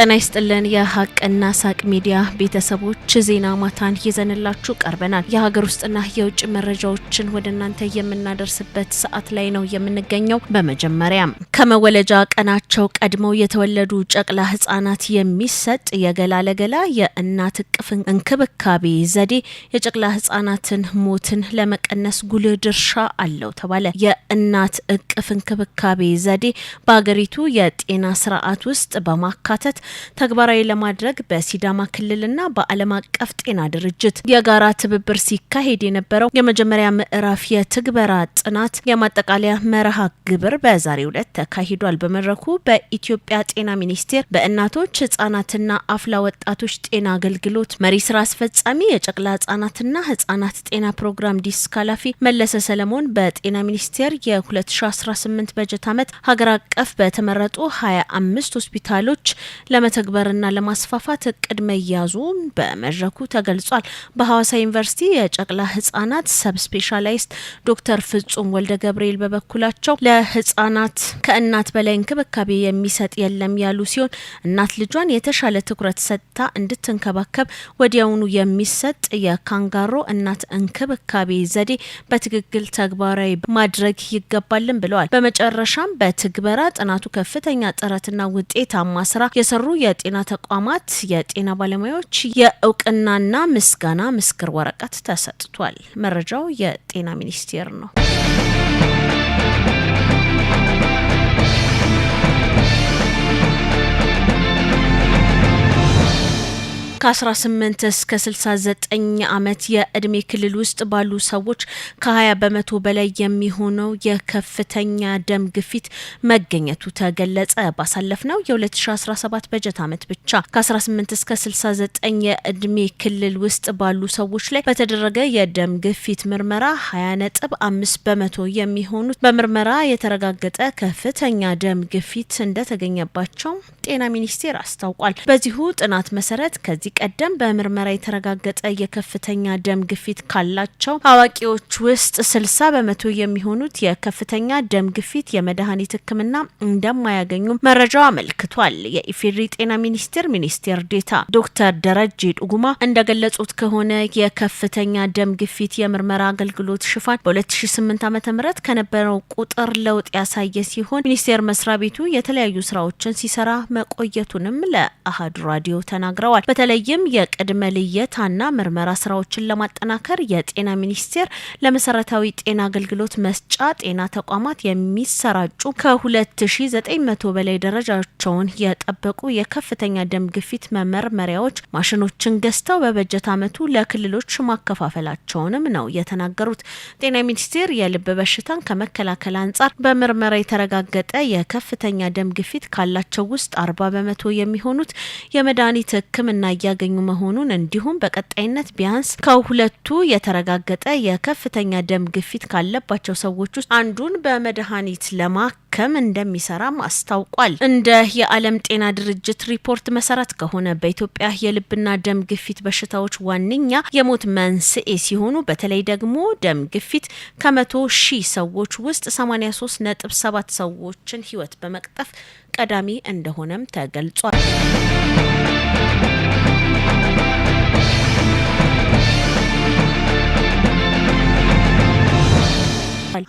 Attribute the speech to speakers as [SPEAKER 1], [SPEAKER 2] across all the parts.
[SPEAKER 1] ጤና ይስጥልን የሀቅና ሳቅ ሚዲያ ቤተሰቦች ዜና ማታን ይዘንላችሁ ቀርበናል። የሀገር ውስጥና የውጭ መረጃዎችን ወደ እናንተ የምናደርስበት ሰዓት ላይ ነው የምንገኘው። በመጀመሪያም ከመወለጃ ቀናቸው ቀድመው የተወለዱ ጨቅላ ህጻናት የሚሰጥ የገላ ለገላ የእናት እቅፍ እንክብካቤ ዘዴ የጨቅላ ህጻናትን ሞትን ለመቀነስ ጉልህ ድርሻ አለው ተባለ። የእናት እቅፍ እንክብካቤ ዘዴ በሀገሪቱ የጤና ስርዓት ውስጥ በማካተት ተግባራዊ ለማድረግ በሲዳማ ክልልና በዓለም አቀፍ ጤና ድርጅት የጋራ ትብብር ሲካሄድ የነበረው የመጀመሪያ ምዕራፍ የትግበራ ጥናት የማጠቃለያ መርሃ ግብር በዛሬው ዕለት ተካሂዷል። በመድረኩ በኢትዮጵያ ጤና ሚኒስቴር በእናቶች ህጻናትና አፍላ ወጣቶች ጤና አገልግሎት መሪ ስራ አስፈጻሚ የጨቅላ ህጻናትና ህጻናት ጤና ፕሮግራም ዲስክ ኃላፊ መለሰ ሰለሞን በጤና ሚኒስቴር የ2018 በጀት ዓመት ሀገር አቀፍ በተመረጡ 25 ሆስፒታሎች ለመተግበርና ለማስፋፋት እቅድ መያዙ በመድረኩ ተገልጿል። በሐዋሳ ዩኒቨርሲቲ የጨቅላ ህጻናት ሰብ ስፔሻላይስት ዶክተር ፍጹም ወልደ ገብርኤል በበኩላቸው ለህጻናት ከእናት በላይ እንክብካቤ የሚሰጥ የለም ያሉ ሲሆን እናት ልጇን የተሻለ ትኩረት ሰጥታ እንድትንከባከብ ወዲያውኑ የሚሰጥ የካንጋሮ እናት እንክብካቤ ዘዴ በትክክል ተግባራዊ ማድረግ ይገባልን ብለዋል። በመጨረሻም በትግበራ ጥናቱ ከፍተኛ ጥረትና ውጤታማ ስራ የሰሩ በሚሰሩ የጤና ተቋማት የጤና ባለሙያዎች የእውቅናና ምስጋና ምስክር ወረቀት ተሰጥቷል። መረጃው የጤና ሚኒስቴር ነው። ከ18 እስከ 69 ዓመት የእድሜ ክልል ውስጥ ባሉ ሰዎች ከ20 በመቶ በላይ የሚሆነው የከፍተኛ ደም ግፊት መገኘቱ ተገለጸ። ባሳለፍነው የ2017 በጀት ዓመት ብቻ ከ18 እስከ 69 የእድሜ ክልል ውስጥ ባሉ ሰዎች ላይ በተደረገ የደም ግፊት ምርመራ 205 በመቶ የሚሆኑት በምርመራ የተረጋገጠ ከፍተኛ ደም ግፊት እንደተገኘባቸው ጤና ሚኒስቴር አስታውቋል። በዚሁ ጥናት መሰረት ከዚህ ቀደም በምርመራ የተረጋገጠ የከፍተኛ ደም ግፊት ካላቸው አዋቂዎች ውስጥ ስልሳ በመቶ የሚሆኑት የከፍተኛ ደም ግፊት የመድኃኒት ሕክምና እንደማያገኙ መረጃው አመልክቷል። የኢፌዴሪ ጤና ሚኒስቴር ሚኒስቴር ዴታ ዶክተር ደረጀ ዱጉማ እንደገለጹት ከሆነ የከፍተኛ ደም ግፊት የምርመራ አገልግሎት ሽፋን በ2008 ዓ ም ከነበረው ቁጥር ለውጥ ያሳየ ሲሆን ሚኒስቴር መስሪያ ቤቱ የተለያዩ ስራዎችን ሲሰራ መቆየቱንም ለአህዱ ራዲዮ ተናግረዋል። በተለይ በተለይም የቅድመ ልየታና ምርመራ ስራዎችን ለማጠናከር የጤና ሚኒስቴር ለመሰረታዊ ጤና አገልግሎት መስጫ ጤና ተቋማት የሚሰራጩ ከ2900 በላይ ደረጃቸውን የጠበቁ የከፍተኛ ደም ግፊት መመርመሪያዎች ማሽኖችን ገዝተው በበጀት አመቱ ለክልሎች ማከፋፈላቸውንም ነው የተናገሩት። ጤና ሚኒስቴር የልብ በሽታን ከመከላከል አንጻር በምርመራ የተረጋገጠ የከፍተኛ ደም ግፊት ካላቸው ውስጥ አርባ በመቶ የሚሆኑት የመድኃኒት ሕክምና እያ እያገኙ መሆኑን እንዲሁም በቀጣይነት ቢያንስ ከሁለቱ የተረጋገጠ የከፍተኛ ደም ግፊት ካለባቸው ሰዎች ውስጥ አንዱን በመድኃኒት ለማከም እንደሚሰራም አስታውቋል። እንደ የዓለም ጤና ድርጅት ሪፖርት መሰረት ከሆነ በኢትዮጵያ የልብና ደም ግፊት በሽታዎች ዋነኛ የሞት መንስኤ ሲሆኑ በተለይ ደግሞ ደም ግፊት ከመቶ ሺህ ሰዎች ውስጥ 83 ነጥብ ሰባት ሰዎችን ህይወት በመቅጠፍ ቀዳሚ እንደሆነም ተገልጿል።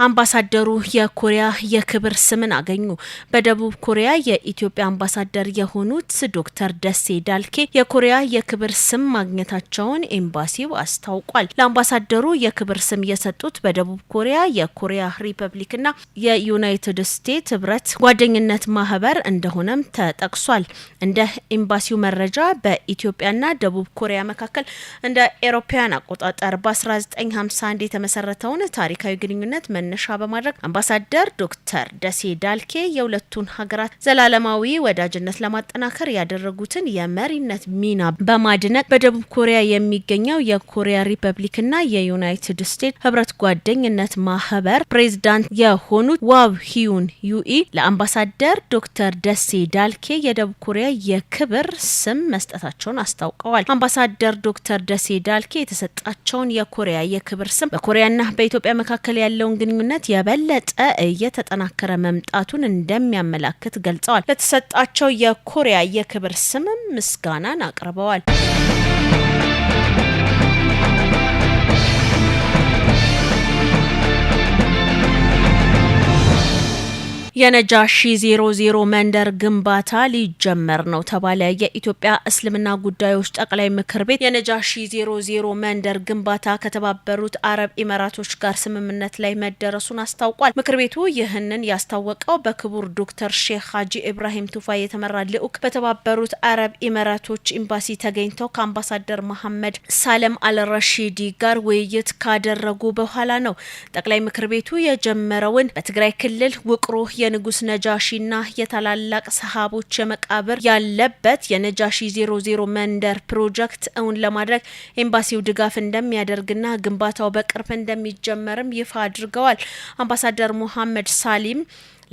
[SPEAKER 1] አምባሳደሩ የኮሪያ የክብር ስምን አገኙ። በደቡብ ኮሪያ የኢትዮጵያ አምባሳደር የሆኑት ዶክተር ደሴ ዳልኬ የኮሪያ የክብር ስም ማግኘታቸውን ኤምባሲው አስታውቋል። ለአምባሳደሩ የክብር ስም የሰጡት በደቡብ ኮሪያ የኮሪያ ሪፐብሊክና የዩናይትድ ስቴትስ ህብረት ጓደኝነት ማህበር እንደሆነም ተጠቅሷል። እንደ ኤምባሲው መረጃ በኢትዮጵያና ደቡብ ኮሪያ መካከል እንደ ኤሮፓያን አቆጣጠር በ1951 የተመሰረተውን ታሪካዊ ግንኙነት መነሻ በማድረግ አምባሳደር ዶክተር ደሴ ዳልኬ የሁለቱን ሀገራት ዘላለማዊ ወዳጅነት ለማጠናከር ያደረጉትን የመሪነት ሚና በማድነቅ በደቡብ ኮሪያ የሚገኘው የኮሪያ ሪፐብሊክ ና የዩናይትድ ስቴትስ ህብረት ጓደኝነት ማህበር ፕሬዚዳንት የሆኑት ዋው ሂዩን ዩኢ ለአምባሳደር ዶክተር ደሴ ዳልኬ የደቡብ ኮሪያ የክብር ስም መስጠታቸውን አስታውቀዋል። አምባሳደር ዶክተር ደሴ ዳልኬ የተሰጣቸውን የኮሪያ የክብር ስም በኮሪያና በኢትዮጵያ መካከል ያለውን ግንኙነት የበለጠ እየተጠናከረ መምጣቱን እንደሚያመላክት ገልጸዋል። ለተሰጣቸው የኮሪያ የክብር ስምም ምስጋናን አቅርበዋል። የነጃሺ ዜሮ ዜሮ መንደር ግንባታ ሊጀመር ነው ተባለ። የኢትዮጵያ እስልምና ጉዳዮች ጠቅላይ ምክር ቤት የነጃሺ ዜሮ ዜሮ መንደር ግንባታ ከተባበሩት አረብ ኢመራቶች ጋር ስምምነት ላይ መደረሱን አስታውቋል። ምክር ቤቱ ይህንን ያስታወቀው በክቡር ዶክተር ሼክ ሀጂ ኢብራሂም ቱፋ የተመራ ልዑክ በተባበሩት አረብ ኢመራቶች ኤምባሲ ተገኝተው ከአምባሳደር መሐመድ ሳለም አልረሺዲ ጋር ውይይት ካደረጉ በኋላ ነው። ጠቅላይ ምክር ቤቱ የጀመረውን በትግራይ ክልል ውቅሮ የንጉስ ነጃሺና የታላላቅ ሰሃቦች መቃብር ያለበት የነጃሺ ዜሮ ዜሮ መንደር ፕሮጀክት እውን ለማድረግ ኤምባሲው ድጋፍ እንደሚያደርግና ግንባታው በቅርብ እንደሚጀመርም ይፋ አድርገዋል። አምባሳደር ሙሐመድ ሳሊም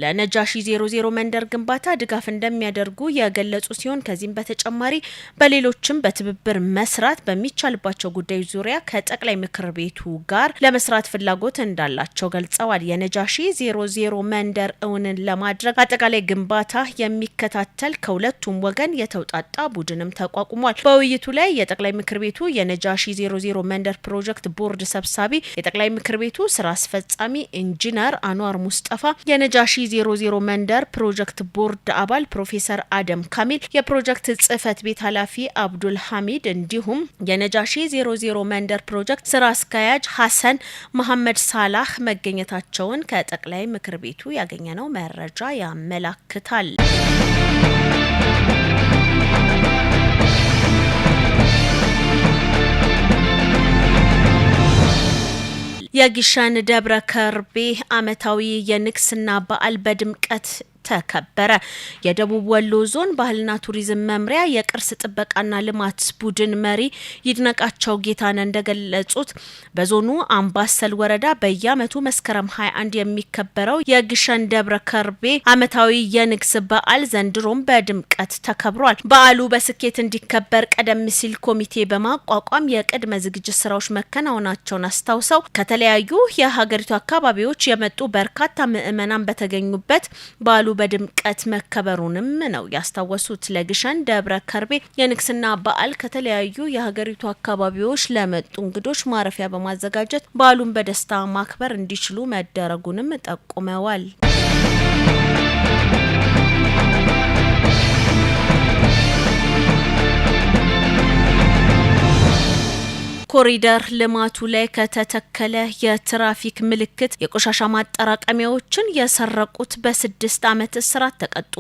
[SPEAKER 1] ለነጃሺ 00 መንደር ግንባታ ድጋፍ እንደሚያደርጉ የገለጹ ሲሆን ከዚህም በተጨማሪ በሌሎችም በትብብር መስራት በሚቻልባቸው ጉዳዮች ዙሪያ ከጠቅላይ ምክር ቤቱ ጋር ለመስራት ፍላጎት እንዳላቸው ገልጸዋል። የነጃሺ 00 መንደር እውንን ለማድረግ አጠቃላይ ግንባታ የሚከታተል ከሁለቱም ወገን የተውጣጣ ቡድንም ተቋቁሟል። በውይይቱ ላይ የጠቅላይ ምክር ቤቱ የነጃሺ 00 መንደር ፕሮጀክት ቦርድ ሰብሳቢ፣ የጠቅላይ ምክር ቤቱ ስራ አስፈጻሚ ኢንጂነር አኗር ሙስጠፋ የነጃሺ መንደር ፕሮጀክት ቦርድ አባል ፕሮፌሰር አደም ካሚል፣ የፕሮጀክት ጽህፈት ቤት ኃላፊ አብዱል ሐሚድ እንዲሁም የነጃሺ ዜሮ ዜሮ መንደር ፕሮጀክት ስራ አስኪያጅ ሀሰን መሐመድ ሳላህ መገኘታቸውን ከጠቅላይ ምክር ቤቱ ያገኘነው መረጃ ያመላክታል። የጊሻን ደብረ ከርቤ ዓመታዊ የንግስና በዓል በድምቀት ተከበረ። የደቡብ ወሎ ዞን ባህልና ቱሪዝም መምሪያ የቅርስ ጥበቃና ልማት ቡድን መሪ ይድነቃቸው ጌታነ እንደገለጹት በዞኑ አምባሰል ወረዳ በየዓመቱ መስከረም 21 የሚከበረው የግሸን ደብረ ከርቤ ዓመታዊ የንግስ በዓል ዘንድሮም በድምቀት ተከብሯል። በዓሉ በስኬት እንዲከበር ቀደም ሲል ኮሚቴ በማቋቋም የቅድመ ዝግጅት ስራዎች መከናወናቸውን አስታውሰው ከተለያዩ የሀገሪቱ አካባቢዎች የመጡ በርካታ ምዕመናን በተገኙበት በዓሉ በድምቀት መከበሩንም ነው ያስታወሱት። ለግሸን ደብረ ከርቤ የንግስና በዓል ከተለያዩ የሀገሪቱ አካባቢዎች ለመጡ እንግዶች ማረፊያ በማዘጋጀት በዓሉን በደስታ ማክበር እንዲችሉ መደረጉንም ጠቁመዋል። በኮሪደር ልማቱ ላይ ከተተከለ የትራፊክ ምልክት የቆሻሻ ማጠራቀሚያዎችን የሰረቁት በስድስት ዓመት እስራት ተቀጡ።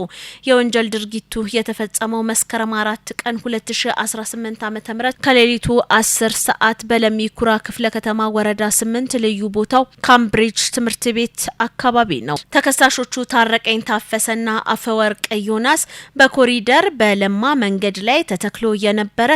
[SPEAKER 1] የወንጀል ድርጊቱ የተፈጸመው መስከረም አራት ቀን 2018 ዓ ም ከሌሊቱ 10 ሰዓት በለሚኩራ ክፍለ ከተማ ወረዳ 8 ልዩ ቦታው ካምብሪጅ ትምህርት ቤት አካባቢ ነው። ተከሳሾቹ ታረቀኝ ታፈሰና አፈወርቅ ዮናስ በኮሪደር በለማ መንገድ ላይ ተተክሎ የነበረ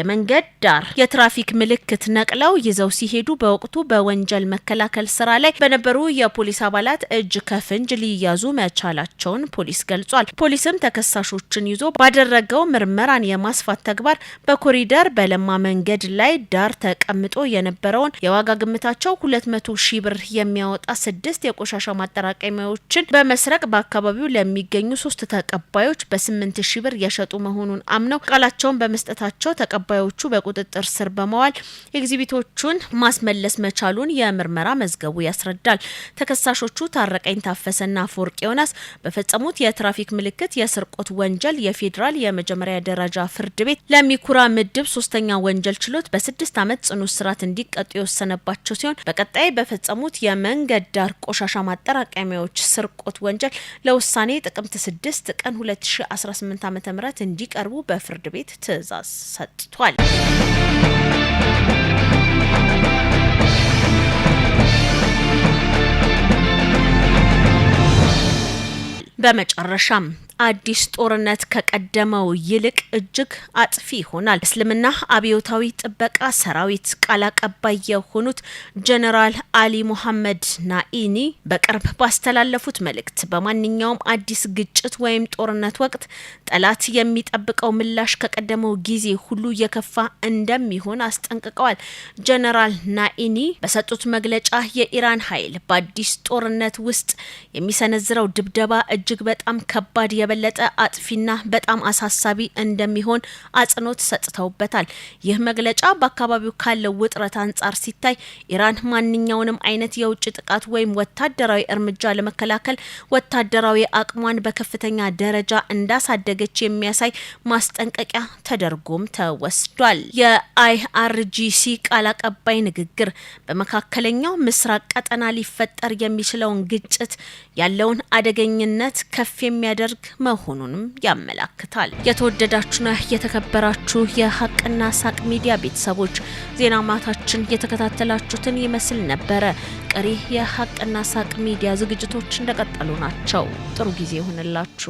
[SPEAKER 1] የመንገድ ዳር የትራፊክ ምልክት ምልክት ነቅለው ይዘው ሲሄዱ በወቅቱ በወንጀል መከላከል ስራ ላይ በነበሩ የፖሊስ አባላት እጅ ከፍንጅ ሊያዙ መቻላቸውን ፖሊስ ገልጿል። ፖሊስም ተከሳሾችን ይዞ ባደረገው ምርመራን የማስፋት ተግባር በኮሪደር በለማ መንገድ ላይ ዳር ተቀምጦ የነበረውን የዋጋ ግምታቸው ሁለት መቶ ሺህ ብር የሚያወጣ ስድስት የቆሻሻ ማጠራቀሚያዎችን በመስረቅ በአካባቢው ለሚገኙ ሶስት ተቀባዮች በስምንት ሺህ ብር የሸጡ መሆኑን አምነው ቃላቸውን በመስጠታቸው ተቀባዮቹ በቁጥጥር ስር በመዋል ኤግዚቢቶቹን ማስመለስ መቻሉን የምርመራ መዝገቡ ያስረዳል። ተከሳሾቹ ታረቀኝ ታፈሰና ፎርቅ ዮናስ በፈጸሙት የትራፊክ ምልክት የስርቆት ወንጀል የፌዴራል የመጀመሪያ ደረጃ ፍርድ ቤት ለሚኩራ ምድብ ሶስተኛ ወንጀል ችሎት በስድስት ዓመት ጽኑ እስራት እንዲቀጡ የወሰነባቸው ሲሆን በቀጣይ በፈጸሙት የመንገድ ዳር ቆሻሻ ማጠራቀሚያዎች ስርቆት ወንጀል ለውሳኔ ጥቅምት ስድስት ቀን 2018 ዓ ም እንዲቀርቡ በፍርድ ቤት ትዕዛዝ ሰጥቷል። በመጨረሻም አዲስ ጦርነት ከቀደመው ይልቅ እጅግ አጥፊ ይሆናል። እስልምና አብዮታዊ ጥበቃ ሰራዊት ቃል አቀባይ የሆኑት ጀነራል አሊ ሙሐመድ ናኢኒ በቅርብ ባስተላለፉት መልእክት በማንኛውም አዲስ ግጭት ወይም ጦርነት ወቅት ጠላት የሚጠብቀው ምላሽ ከቀደመው ጊዜ ሁሉ የከፋ እንደሚሆን አስጠንቅቀዋል። ጀነራል ናኢኒ በሰጡት መግለጫ የኢራን ኃይል በአዲስ ጦርነት ውስጥ የሚሰነዝረው ድብደባ እጅግ በጣም ከባድ የበለጠ አጥፊና በጣም አሳሳቢ እንደሚሆን አጽንኦት ሰጥተውበታል። ይህ መግለጫ በአካባቢው ካለው ውጥረት አንጻር ሲታይ ኢራን ማንኛውንም አይነት የውጭ ጥቃት ወይም ወታደራዊ እርምጃ ለመከላከል ወታደራዊ አቅሟን በከፍተኛ ደረጃ እንዳሳደገች የሚያሳይ ማስጠንቀቂያ ተደርጎም ተወስዷል። የአይአርጂሲ ቃል አቀባይ ንግግር በመካከለኛው ምስራቅ ቀጠና ሊፈጠር የሚችለውን ግጭት ያለውን አደገኝነት ከፍ የሚያደርግ መሆኑንም ያመላክታል። የተወደዳችሁና የተከበራችሁ የሀቅና ሳቅ ሚዲያ ቤተሰቦች ዜና ማታችን የተከታተላችሁትን ይመስል ነበረ። ቀሪ የሀቅና ሳቅ ሚዲያ ዝግጅቶች እንደቀጠሉ ናቸው። ጥሩ ጊዜ ይሆንላችሁ።